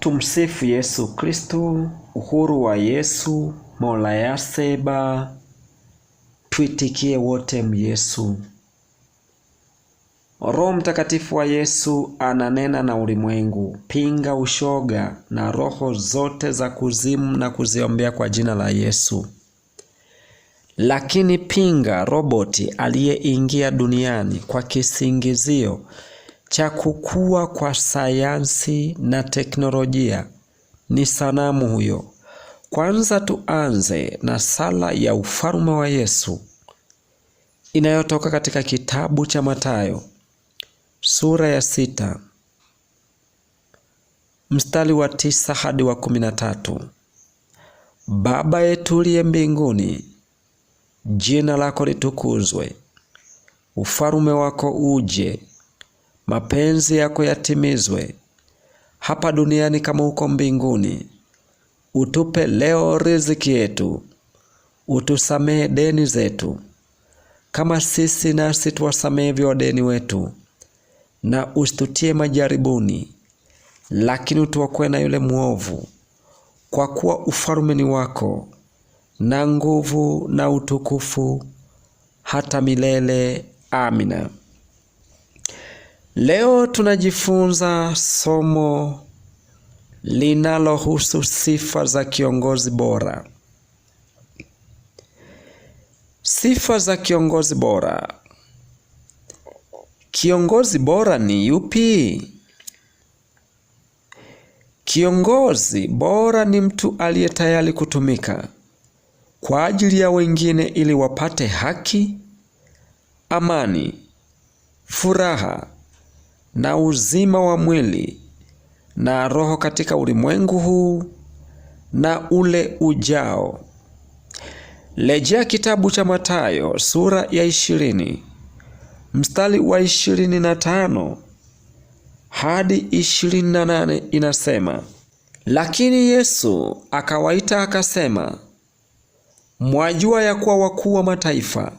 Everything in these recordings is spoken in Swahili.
Tumsifu Yesu Kristu. Uhuru wa Yesu, Mola ya Seba. Tuitikie wote myesu. Roho Mtakatifu wa Yesu ananena na ulimwengu. Pinga ushoga na roho zote za kuzimu na kuziombea kwa jina la Yesu. Lakini pinga roboti aliyeingia duniani kwa kisingizio cha kukua kwa sayansi na teknolojia ni sanamu huyo. Kwanza tuanze na sala ya ufalme wa Yesu inayotoka katika kitabu cha Mathayo sura ya sita mstari wa tisa hadi wa kumi na tatu. Baba yetu uliye mbinguni, jina lako litukuzwe, ufalume wako uje mapenzi yako yatimizwe hapa duniani kama huko mbinguni. Utupe leo riziki yetu, utusamehe deni zetu kama sisi nasi tuwasamehevyo wadeni wetu, na usitutie majaribuni, lakini utuokoe na yule mwovu, kwa kuwa ufalme ni wako na nguvu na utukufu hata milele. Amina. Leo tunajifunza somo linalohusu sifa za kiongozi bora. Sifa za kiongozi bora. Kiongozi bora ni yupi? Kiongozi bora ni mtu aliye tayari kutumika kwa ajili ya wengine ili wapate haki, amani, furaha na uzima wa mwili na roho katika ulimwengu huu na ule ujao. Lejea kitabu cha Mathayo sura ya ishirini mstari wa ishirini na tano hadi ishirini na nane inasema, lakini Yesu akawaita akasema, mwajua ya kuwa wakuu wa mataifa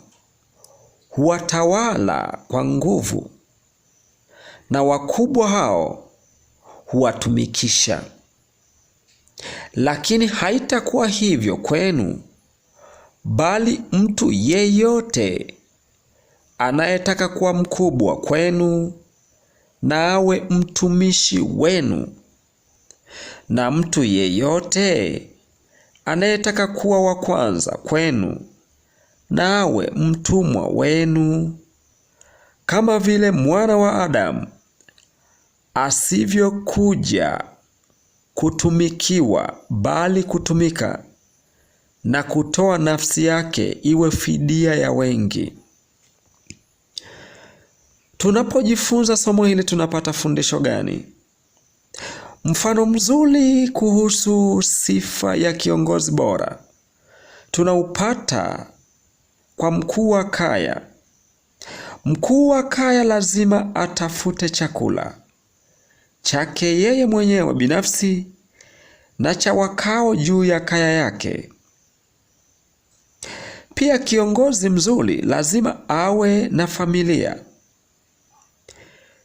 huwatawala kwa nguvu na wakubwa hao huwatumikisha. Lakini haitakuwa hivyo kwenu, bali mtu yeyote anayetaka kuwa mkubwa kwenu na awe mtumishi wenu, na mtu yeyote anayetaka kuwa wa kwanza kwenu na awe mtumwa wenu, kama vile mwana wa Adamu asivyokuja kutumikiwa, bali kutumika na kutoa nafsi yake iwe fidia ya wengi. Tunapojifunza somo hili tunapata fundisho gani? Mfano mzuri kuhusu sifa ya kiongozi bora tunaupata kwa mkuu wa kaya. Mkuu wa kaya lazima atafute chakula chake yeye mwenyewe binafsi na cha wakao juu ya kaya yake. Pia kiongozi mzuri lazima awe na familia.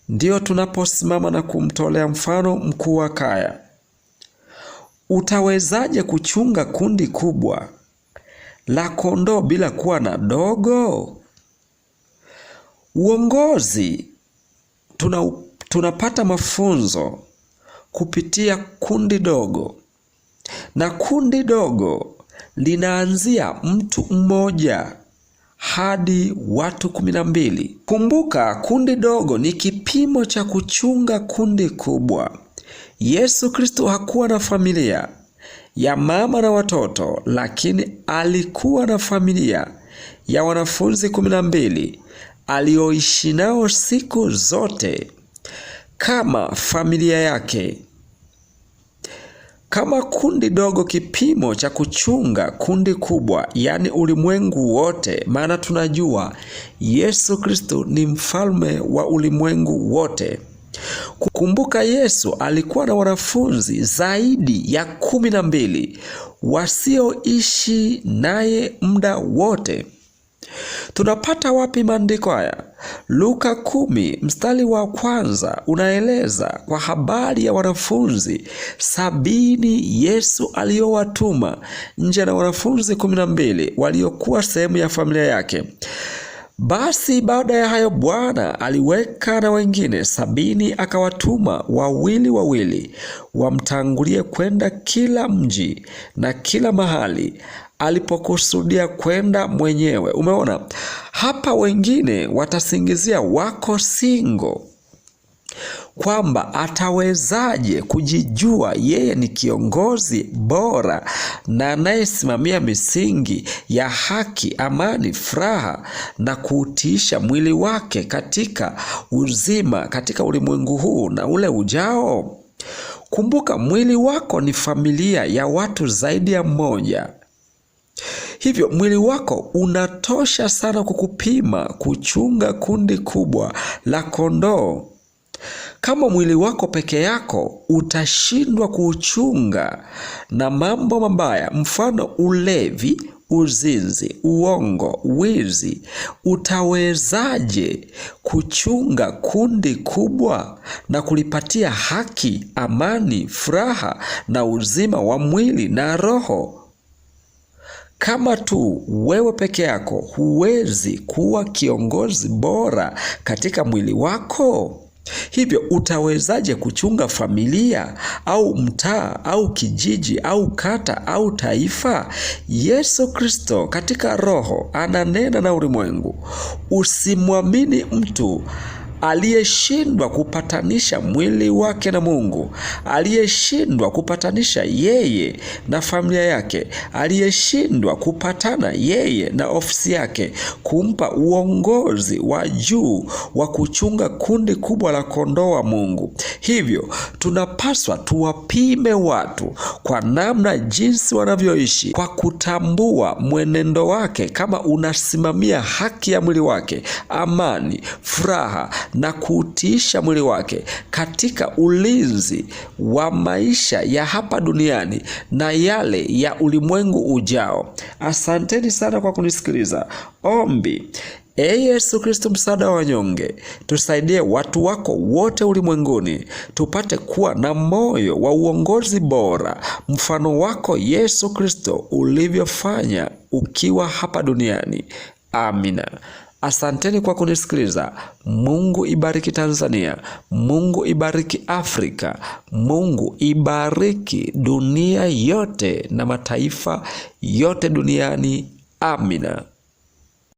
Ndiyo tunaposimama na kumtolea mfano mkuu wa kaya. Utawezaje kuchunga kundi kubwa la kondoo bila kuwa na dogo? Uongozi tuna tunapata mafunzo kupitia kundi dogo, na kundi dogo linaanzia mtu mmoja hadi watu kumi na mbili. Kumbuka, kundi dogo ni kipimo cha kuchunga kundi kubwa. Yesu Kristo hakuwa na familia ya mama na watoto, lakini alikuwa na familia ya wanafunzi kumi na mbili aliyoishi nao siku zote kama familia yake. Kama kundi dogo, kipimo cha kuchunga kundi kubwa, yaani ulimwengu wote, maana tunajua Yesu Kristo ni mfalme wa ulimwengu wote. Kumbuka Yesu alikuwa na wanafunzi zaidi ya kumi na mbili wasioishi naye muda wote. Tunapata wapi maandiko haya? Luka kumi mstari wa kwanza unaeleza kwa habari ya wanafunzi sabini Yesu aliyowatuma nje na wanafunzi kumi na mbili waliokuwa sehemu ya familia yake. Basi baada ya hayo Bwana aliweka na wengine sabini akawatuma wawili wawili wamtangulie kwenda kila mji na kila mahali alipokusudia kwenda mwenyewe. Umeona hapa, wengine watasingizia wako singo kwamba atawezaje kujijua yeye ni kiongozi bora na anayesimamia misingi ya haki, amani, furaha na kuutiisha mwili wake katika uzima katika ulimwengu huu na ule ujao. Kumbuka, mwili wako ni familia ya watu zaidi ya mmoja. Hivyo mwili wako unatosha sana kukupima kuchunga kundi kubwa la kondoo. Kama mwili wako peke yako utashindwa kuuchunga na mambo mabaya, mfano ulevi, uzinzi, uongo, wizi, utawezaje kuchunga kundi kubwa na kulipatia haki, amani, furaha na uzima wa mwili na roho? Kama tu wewe peke yako huwezi kuwa kiongozi bora katika mwili wako, hivyo utawezaje kuchunga familia au mtaa au kijiji au kata au taifa? Yesu Kristo katika Roho ananena na ulimwengu, usimwamini mtu aliyeshindwa kupatanisha mwili wake na Mungu, aliyeshindwa kupatanisha yeye na familia yake, aliyeshindwa kupatana yeye na ofisi yake, kumpa uongozi wa juu wa kuchunga kundi kubwa la kondoo wa Mungu. Hivyo tunapaswa tuwapime watu kwa namna jinsi wanavyoishi kwa kutambua mwenendo wake, kama unasimamia haki ya mwili wake, amani, furaha na kuutiisha mwili wake katika ulinzi wa maisha ya hapa duniani na yale ya ulimwengu ujao. Asanteni sana kwa kunisikiliza. Ombi: e Yesu Kristo, msaada wa wanyonge, tusaidie watu wako wote ulimwenguni, tupate kuwa na moyo wa uongozi bora, mfano wako Yesu Kristo ulivyofanya ukiwa hapa duniani. Amina. Asanteni kwa kunisikiliza. Mungu ibariki Tanzania, Mungu ibariki Afrika, Mungu ibariki dunia yote na mataifa yote duniani. Amina.